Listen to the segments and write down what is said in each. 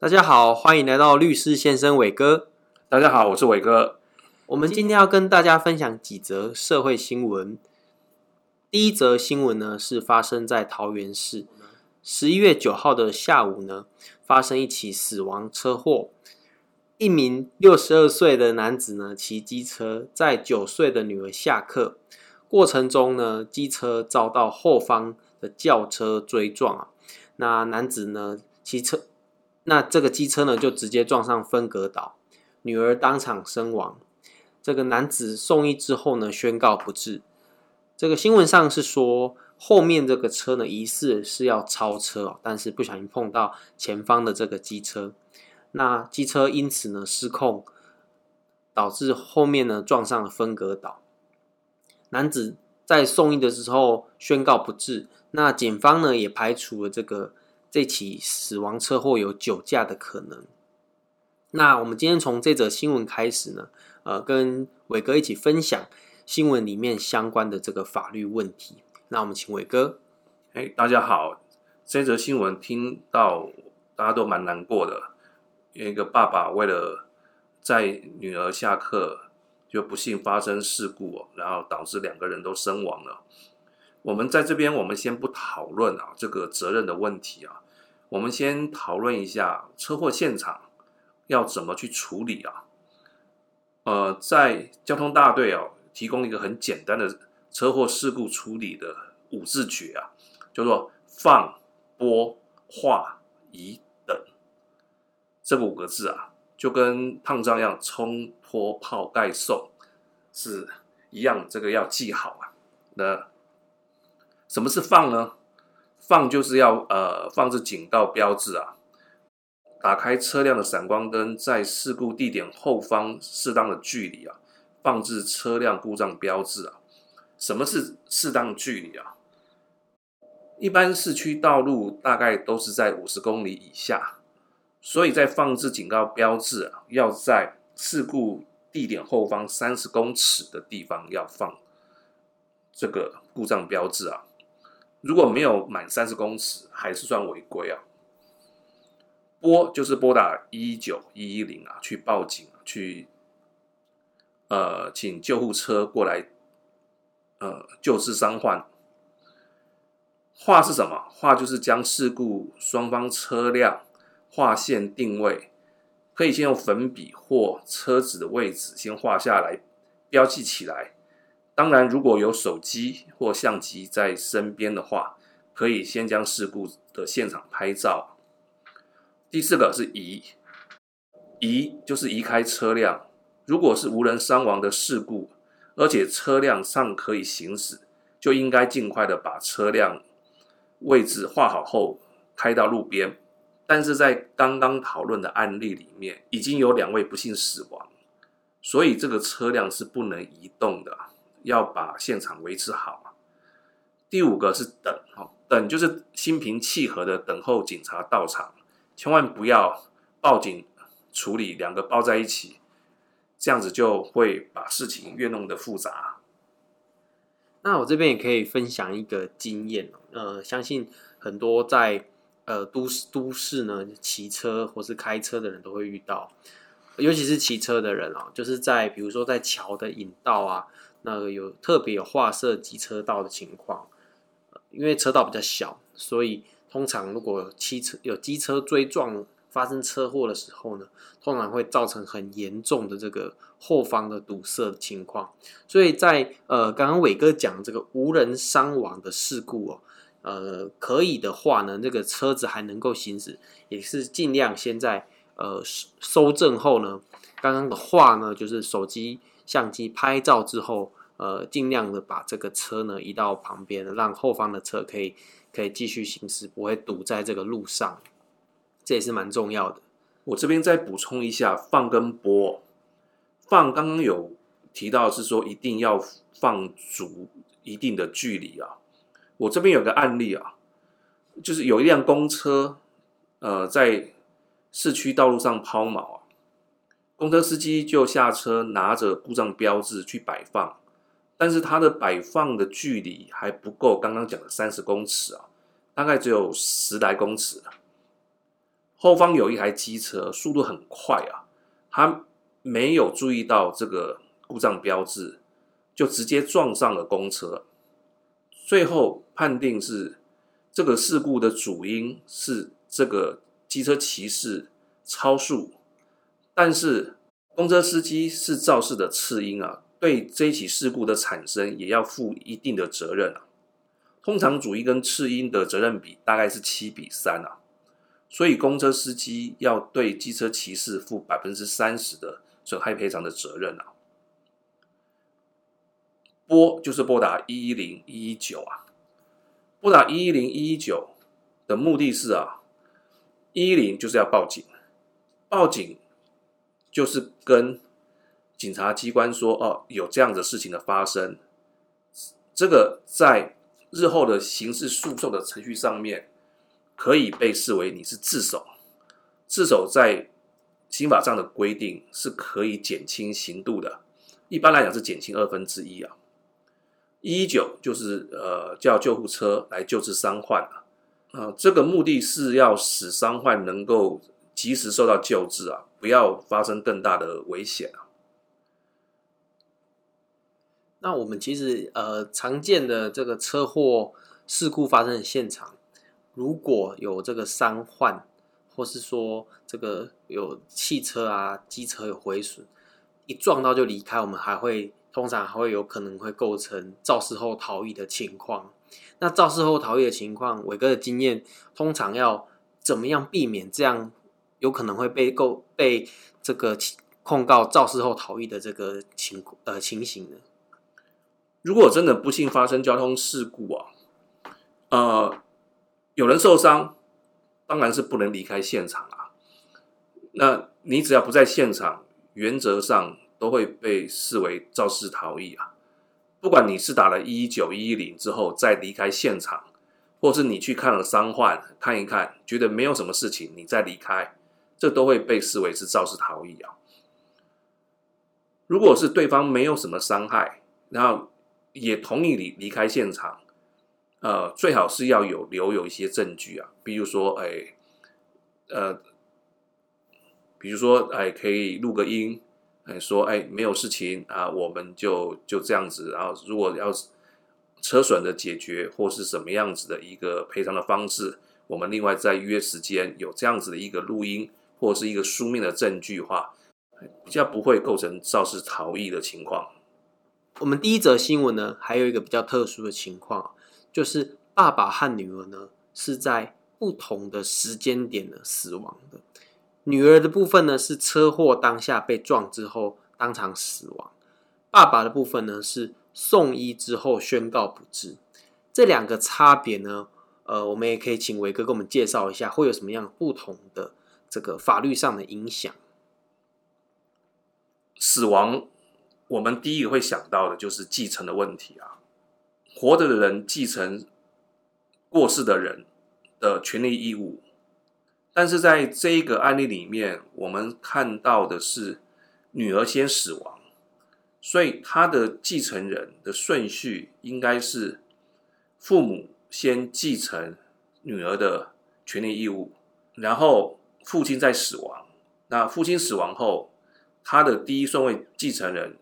大家好，歡迎來到律師先生瑋哥。大家好，我是瑋哥。我們今天要跟大家分享幾則社會新聞。第一則新聞呢，是發生在桃園市，十一月九號的下午呢，發生一起死亡車禍。一名六十二歲的男子呢，騎機車載九歲的女兒下課。過程中呢，機車遭到後方的轎車追撞啊。那男子呢，騎車。那這個機車呢，就直接撞上分隔島，女兒當場身亡。這個男子送醫之後呢，宣告不治。這個新聞上是說，後面這個車呢，疑似是要超車，但是不小心碰到前方的這個機車，那機車因此呢失控，導致後面呢撞上了分隔島。男子在送醫的時候宣告不治。那警方呢也排除了這個。這起死亡車禍有酒駕的可能。那我們今天從這則新聞開始呢，呃，跟瑋哥一起分享新聞裡面相關的這個法律問題。那我們請瑋哥。欸，大家好，這則新聞聽到大家都蠻難過的，因為一個爸爸為了載女兒下課就不幸發生事故，然後導致兩個人都身亡了。我們在這邊，我們先不討論啊，這個責任的問題啊，我們先討論一下車禍現場要怎麼去處理啊。呃，在交通大隊哦、啊，提供一個很簡單的車禍事故處理的五字訣啊，叫做放、撥、畫、移、等，這五個字啊，就跟燙傷一樣，沖、脫、泡、蓋、送是一樣，這個要記好啊。那什麼是放呢？放就是要呃放置警告標誌啊，打開車輛的閃光燈，在事故地點後方適當的距離啊，放置車輛故障標誌啊。什麼是適當距離啊？一般市區道路大概都是在五十公里以下，所以在放置警告標誌啊，要在事故地點後方三十公尺的地方要放這個故障標誌啊。如果沒有滿三十公尺，還是算違規啊。撥就是撥打一九一一零啊，去報警，去呃，請救護車過來，呃，救治傷患。畫是什麼？畫就是將事故雙方車輛劃線定位，可以先用粉筆或車子的位置先畫下來，標記起來。當然，如果有手機或相機在身邊的話，可以先將事故的現場拍照。第四個是移移，就是移開車輛。如果是無人傷亡的事故，而且車輛尚可以行駛，就應該盡快的把車輛位置畫好後開到路邊。但是在剛剛討論的案例裡面，已經有兩位不幸死亡，所以這個車輛是不能移動的。要把現場維持好。第五個是等，等就是心平氣和的等候警察到場，千萬不要報警處理，兩個包在一起，這樣子就會把事情越弄得複雜。那我這邊也可以分享一個經驗呃，相信很多在、呃、都市都市呢騎車或是開車的人都會遇到，尤其是騎車的人哦，就是在比如說在橋的引道啊。那個有特別有劃設機車道的情況，因為車道比較小，所以通常如果汽車有機車追撞發生車禍的時候呢，通常會造成很嚴重的這個後方的堵塞的情況。所以在呃剛剛瑋哥講這個無人傷亡的事故哦，呃可以的話呢，那個車子還能夠行駛，也是盡量先在呃蒐證後呢，剛剛的話呢，就是手機。相機拍照之後，呃，盡量的把這個車呢移到旁邊，讓後方的車可以可以繼續行駛，不會堵在這個路上，這也是蠻重要的。我這邊再補充一下，放跟波放，剛剛有提到是說一定要放足一定的距離啊。我這邊有個案例啊，就是有一輛公車，呃，在市區道路上拋錨啊。公車司機就下車，拿着故障標誌去擺放，但是他的擺放的距離還不夠，剛剛講的三十公尺啊，大概只有十來公尺。後方有一台機車，速度很快啊，他沒有注意到這個故障標誌，就直接撞上了公車。最後判定是這個事故的主因是這個機車騎士超速。但是，公車司機是肇事的次因啊，對這起事故的產生也要負一定的責任啊。通常主因跟次因的責任比大概是七比三啊，所以公車司機要對機車騎士負百分之三十的損害賠償的責任啊。撥就是撥打一一零一一九啊，撥打一一零一一九的目的是啊，一一零就是要報警，報警。就是跟警察機關說哦、啊，有這樣的事情的發生，這個在日後的刑事訴訟的程序上面，可以被視為你是自首。自首在刑法上的規定是可以減輕刑度的，一般來講是減輕二分之一啊。119就是呃叫救護車來救治傷患啊，啊這個目的是要使傷患能夠及時受到救治啊。不要發生更大的危險啊！那我們其實呃，常見的這個車禍事故發生的現場，如果有這個傷患，或是說這個有汽車啊、機車有毀損，一撞到就離開，我們還會通常還會有可能會構成肇事後逃逸的情況。那肇事後逃逸的情況，瑋哥的經驗，通常要怎麼樣避免這樣？有可能會被構被這個控告肇事後逃逸的這個情呃情形呢？如果真的不幸發生交通事故啊，呃，有人受傷，當然是不能離開現場啊。那你只要不在現場，原則上都會被視為肇事逃逸啊。不管你是打了一一九、一一零之後再離開現場，或是你去看了傷患看一看，覺得沒有什麼事情，你再離開。這都會被視為是肇事逃逸啊！如果是對方沒有什麼傷害，然後也同意你離開現場，呃，最好是要有留有一些證據啊，比如說，哎，呃，比如說，哎，可以錄個音，哎、說，哎，沒有事情啊，我們就就這樣子。然後，如果要是車損的解決或是什麼樣子的一個賠償的方式，我們另外再約時間，有這樣子的一個錄音。或是一個書面的證據化，比較不會構成肇事逃逸的情況。我們第一則新聞呢，還有一個比較特殊的情況，就是爸爸和女兒呢是在不同的時間點呢死亡的。女兒的部分呢是車禍當下被撞之後當場死亡，爸爸的部分呢是送醫之後宣告不治。這兩個差別呢，呃，我們也可以請瑋哥給我們介紹一下，會有什麼樣不同的？這個法律上的影響。死亡，我們第一個會想到的就是繼承的問題啊。活着的人繼承過世的人的權利義務，但是在這一個案例裡面，我們看到的是女兒先死亡，所以她的繼承人的順序應該是父母先繼承女兒的權利義務，然後。父親在死亡，那父親死亡後，他的第一順位繼承人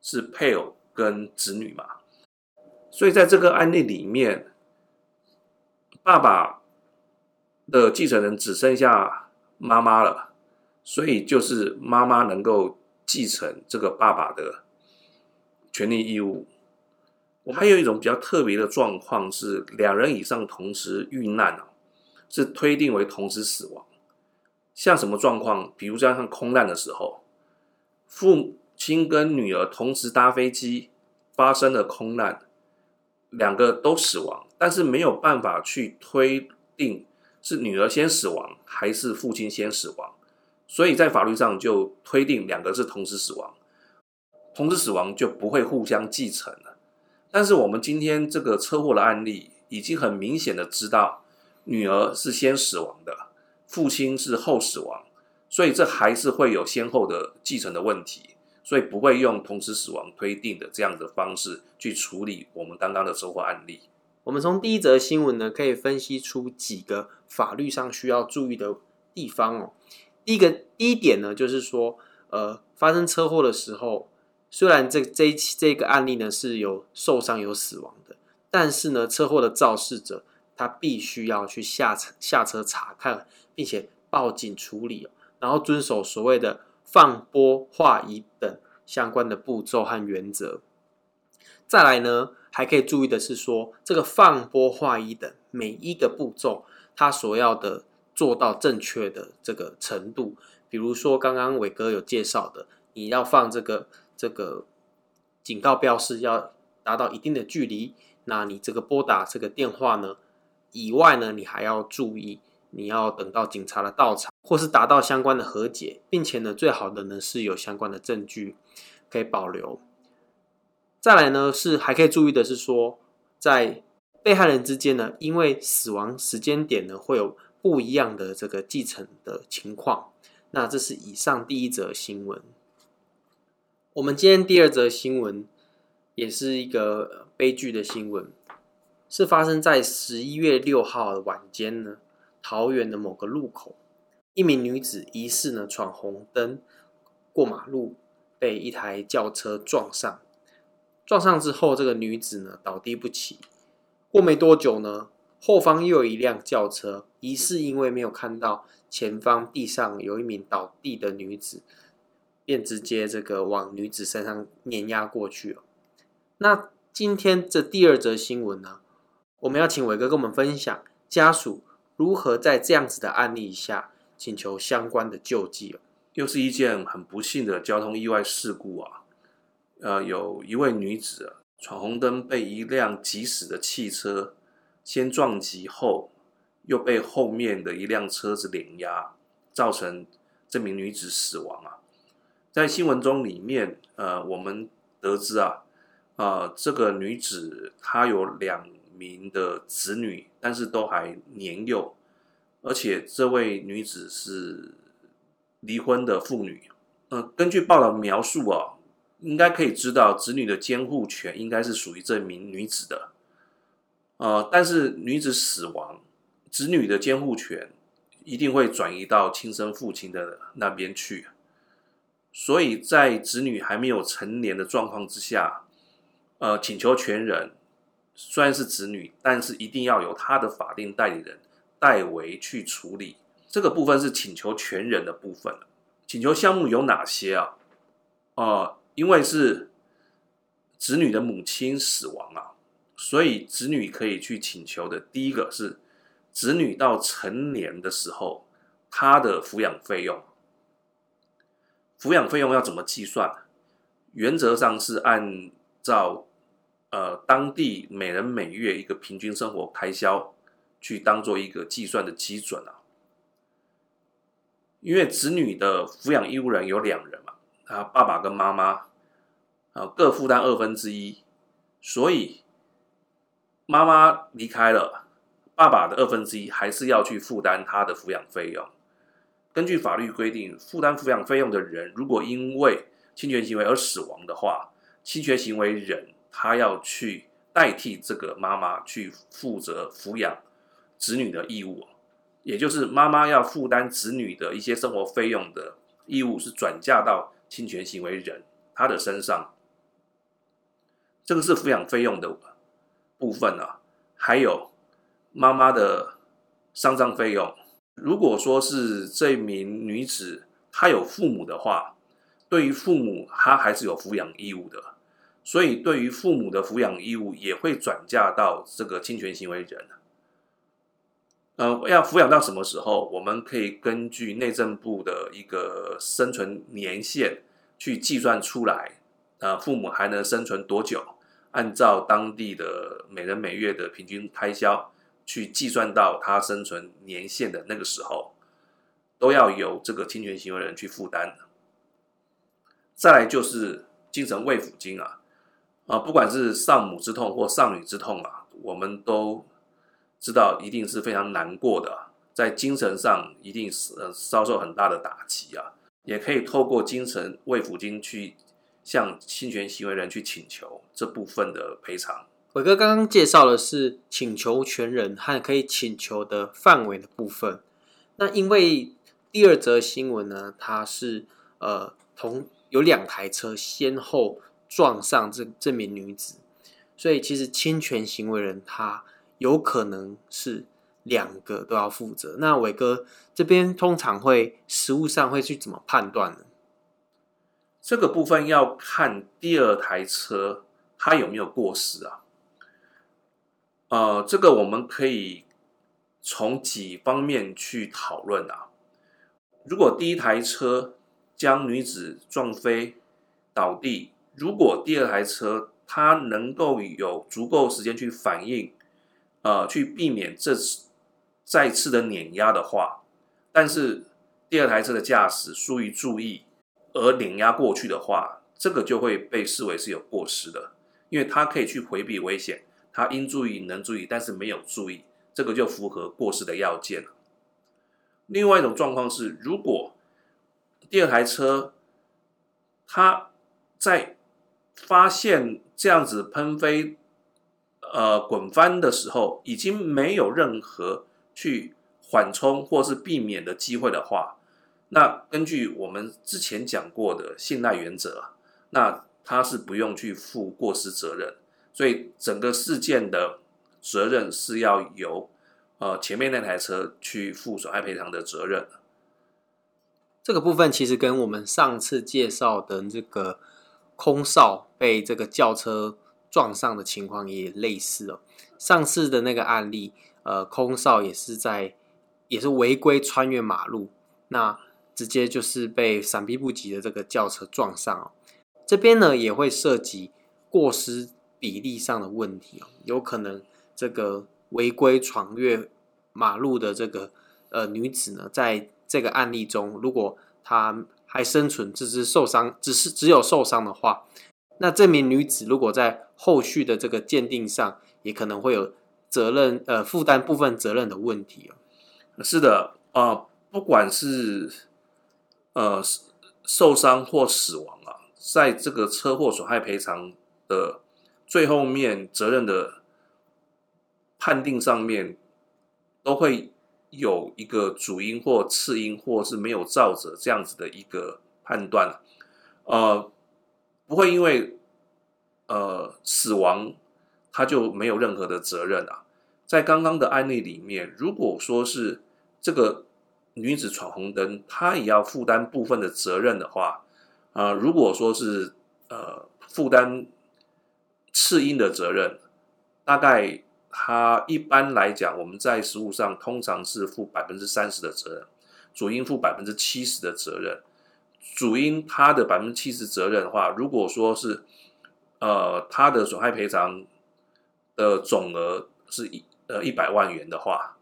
是配偶跟子女嘛？所以在這個案例裡面，爸爸的繼承人只剩下媽媽了，所以就是媽媽能夠繼承這個爸爸的權利義務。還有一種比較特別的狀況是，兩人以上同時遇難，是推定為同時死亡。像什麼狀況？比如像像空難的時候，父親跟女兒同時搭飛機，發生了空難，兩個都死亡，但是沒有辦法去推定是女兒先死亡還是父親先死亡，所以在法律上就推定兩個是同時死亡，同時死亡就不會互相繼承了。但是我們今天這個車禍的案例，已經很明顯的知道女兒是先死亡的。父親是後死亡，所以這還是會有先後的繼承的問題，所以不會用同時死亡推定的這樣的方式去處理我們剛剛的車禍案例。我們從第一則新聞呢，可以分析出幾個法律上需要注意的地方哦。第一個，第一點呢，就是說，呃，發生車禍的時候，雖然這這一起這一個案例呢是有受傷有死亡的，但是呢，車禍的肇事者。他必須要去下車下車查看，並且報警處理，然後遵守所謂的放撥劃移等相關的步驟和原則。再來呢，還可以注意的是說，說這個放撥劃移等每一個步驟，他所要的做到正確的這個程度。比如說剛剛瑋哥有介紹的，你要放這個這個警告標示，要達到一定的距離，那你這個撥打這個電話呢？以外呢，你還要注意，你要等到警察的到場，或是達到相關的和解，並且呢，最好的呢是有相關的證據可以保留。再來呢，是還可以注意的是說，在被害人之間呢，因為死亡時間點呢會有不一樣的這個繼承的情況。那這是以上第一則新聞。我們今天第二則新聞也是一個悲劇的新聞。是發生在十一月六號的晚間呢，桃園的某個路口，一名女子疑似呢闖紅燈過馬路，被一台轎車撞上。撞上之後，這個女子呢倒地不起。過沒多久呢，後方又有一輛轎車，疑似因為沒有看到前方地上有一名倒地的女子，便直接這個往女子身上碾壓過去了。那今天這第二則新聞呢，啊？我們要請瑋哥跟我們分享家屬如何在這樣子的案例下請求相關的救濟哦。又是一件很不幸的交通意外事故啊！呃，有一位女子啊，闖紅燈被一輛急駛的汽車先撞擊後，又被後面的一輛車子碾壓，造成這名女子死亡啊。在新聞中裡面，呃，我們得知啊，呃，這個女子她有兩。名的子女，但是都還年幼，而且這位女子是離婚的婦女。呃，根據報道描述啊，應該可以知道，子女的監護權應該是屬於這名女子的。呃，但是女子死亡，子女的監護權一定會轉移到親生父親的那邊去。所以在子女還沒有成年的狀況之下，呃，請求權人。雖然是子女，但是一定要由他的法定代理人代為去處理。這個部分是請求權人的部分，請求項目有哪些啊？呃，因為是子女的母親死亡啊，所以子女可以去請求的。第一個是子女到成年的時候，他的撫養費用。撫養費用要怎麼計算？原則上是按照。呃，當地每人每月一個平均生活開銷，去當做一個計算的基準啊。因為子女的撫養義務人有兩人嘛，啊，他爸爸跟媽媽，啊，呃，各負擔二分之一，所以媽媽離開了，爸爸的二分之一還是要去負擔他的撫養費用。根據法律規定，負擔撫養費用的人如果因為侵權行為而死亡的話，侵權行為人，他要去代替這個媽媽去負責撫養子女的義務，也就是媽媽要負擔子女的一些生活費用的義務，是轉嫁到侵權行為人他的身上。這個是撫養費用的部分啊，還有媽媽的喪葬費用。如果說是這名女子她有父母的話，對於父母她還是有撫養義務的。所以，對於父母的撫養義務也會轉嫁到這個侵權行為人。呃，要撫養到什麼時候？我們可以根據內政部的一個生存年限去計算出來。呃，父母還能生存多久？按照當地的每人每月的平均開銷去計算到他生存年限的那個時候，都要由這個侵權行為人去負擔。再來就是精神慰撫金啊。啊，不管是喪母之痛或喪女之痛啊，我們都知道一定是非常難過的啊，在精神上一定是呃遭受很大的打擊啊。也可以透過精神慰撫金去向侵權行為人去請求這部分的賠償。偉哥剛剛介紹的是請求權人和可以請求的範圍的部分。那因為第二則新聞呢，它是呃同有兩台車先後。撞上這這名女子，所以其實侵權行為人他有可能是兩個都要負責。那瑋哥這邊通常會實務上會去怎麼判斷呢？這個部分要看第二台車他有沒有過失啊。呃，這個我們可以從幾方面去討論啊。如果第一台車將女子撞飛倒地，如果第二台車它能夠有足夠時間去反應，呃，去避免這次再次的碾壓的話，但是第二台車的駕駛疏於注意而碾壓過去的話，這個就會被視為是有過失的，因為它可以去回避危險，它應注意能注意，但是沒有注意，這個就符合過失的要件了。另外一種狀況是，如果第二台車它在發現這樣子噴飛、呃滾翻的時候，已經沒有任何去緩衝或是避免的機會的話，那根據我們之前講過的信賴原則，那他是不用去負過失責任，所以整個事件的責任是要由呃前面那台車去負損害賠償的責任。這個部分其實跟我們上次介紹的這個。空少被這個轎車撞上的情況也類似哦。上次的那個案例，呃，空少也是在，也是違規穿越馬路，那直接就是被閃避不及的這個轎車撞上哦。這邊呢，也會涉及過失比例上的問題哦，有可能這個違規穿越馬路的這個呃女子呢，在這個案例中，如果她還生存，只是受傷，只是只有受傷的話，那這名女子如果在後續的這個鑑定上，也可能會有責任，呃，負擔部分責任的問題啊、哦。是的，啊、呃，不管是呃受傷或死亡啊，在這個車禍損害賠償的最後面責任的判定上面，都會。有一個主因或次因，或是沒有造者，這樣子的一個判斷、啊、呃，不會因為呃死亡，他就沒有任何的責任啊。在剛剛的案例裡面，如果說是這個女子闖紅燈，她也要負擔部分的責任的話，啊、呃，如果說是呃負擔次因的責任，大概。他一般來講，我們在實務上通常是負百分之三十的責任，主因負百分之七十的責任。主因他的百分之七十責任的話，如果說是，呃，他的損害賠償的總額是一呃一百萬元的話，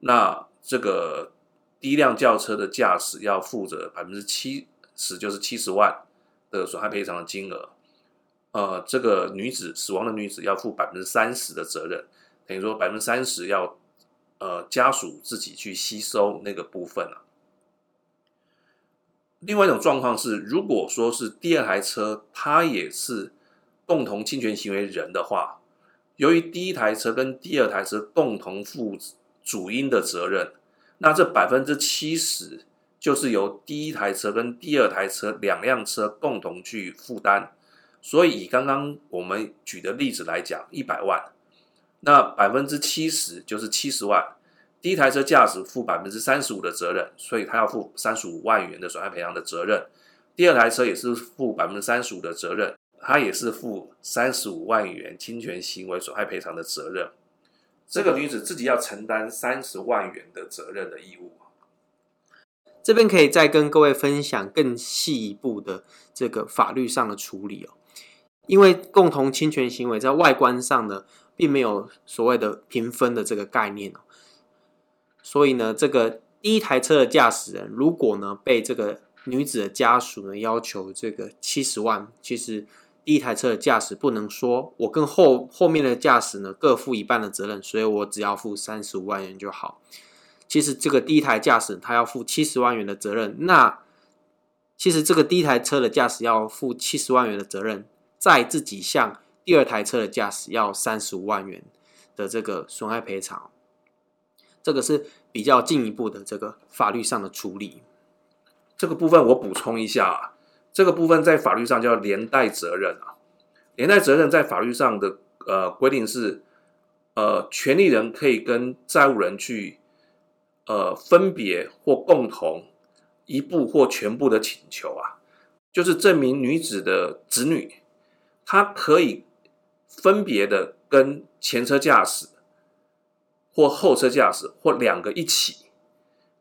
那這個第一輛轎車的駕駛要負責百分之七十，就是七十萬的損害賠償的金額。呃，這個女子死亡的女子要負百分之三十的責任。等於說百分之三十要，呃，家屬自己去吸收那個部分了啊。另外一種狀況是，如果說是第二台車，他也是共同侵權行為人的話，由於第一台車跟第二台車共同負主因的責任，那這百分之七十就是由第一台車跟第二台車兩輛車共同去負擔。所以以剛剛我們舉的例子來講，一百萬。那百分之七十就是七十萬，第一台車駕駛負百分之三十五的責任，所以他要負三十五萬元的損害賠償的責任。第二台車也是負百分之三十五的責任，他也是負三十五萬元侵權行為損害賠償的責任。這個女子自己要承擔三十萬元的責任的義務。這邊可以再跟各位分享更細一步的這個法律上的處理哦，因為共同侵權行為在外觀上呢。並沒有所謂的平分的這個概念，所以呢，這個第一台車的駕駛人如果呢被這個女子的家屬呢要求這個七十萬，其實第一台車的駕駛不能說，我跟後後面的駕駛呢各負一半的責任，所以我只要負三十五萬元就好。其實這個第一台駕駛他要負七十萬元的責任，那其實這個第一台車的駕駛要負七十萬元的責任，在自己向。第二台車的駕駛要三十五萬元的這個損害賠償，這個是比較進一步的這個法律上的處理。這個部分我補充一下啊，這個部分在法律上叫連帶責任啊。連帶責任在法律上的呃規定是，呃，權利人可以跟債務人去呃分別或共同，一部或全部的請求啊，就是這名女子的子女，他可以，分別的跟前車駕駛或後車駕駛或兩個一起，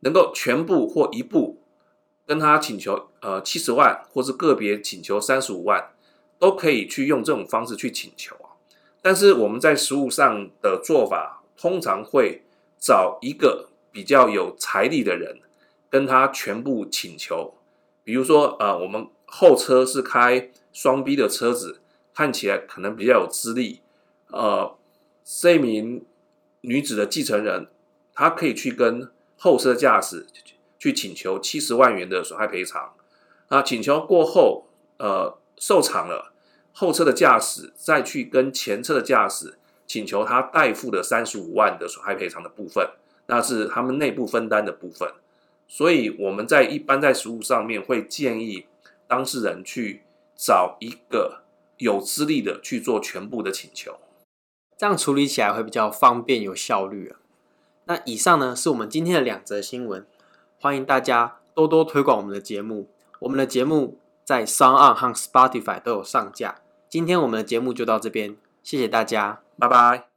能夠全部或一部跟他請求呃七十萬或是個別請求三十五萬，都可以去用這種方式去請求啊。但是我們在實務上的做法，通常會找一個比較有財力的人跟他全部請求，比如說呃我們後車是開雙 B 的車子。看起來可能比較有資歷，呃，這名女子的繼承人，她可以去跟後車駕駛去去請求七十萬元的損害賠償。啊，請求過後，呃，受償了後車的駕駛再去跟前車的駕駛請求他代付的三十五萬的損害賠償的部分，那是他們內部分擔的部分。所以我們在一般在實務上面會建議當事人去找一個。有資力的去做全部的請求，這樣處理起來會比較方便，有效率啊。那以上呢，是我們今天的兩則新聞，歡迎大家多多推廣我們的節目。我們的節目在 SoundOn 和 Spotify 都有上架。今天我們的節目就到這邊，謝謝大家，拜拜。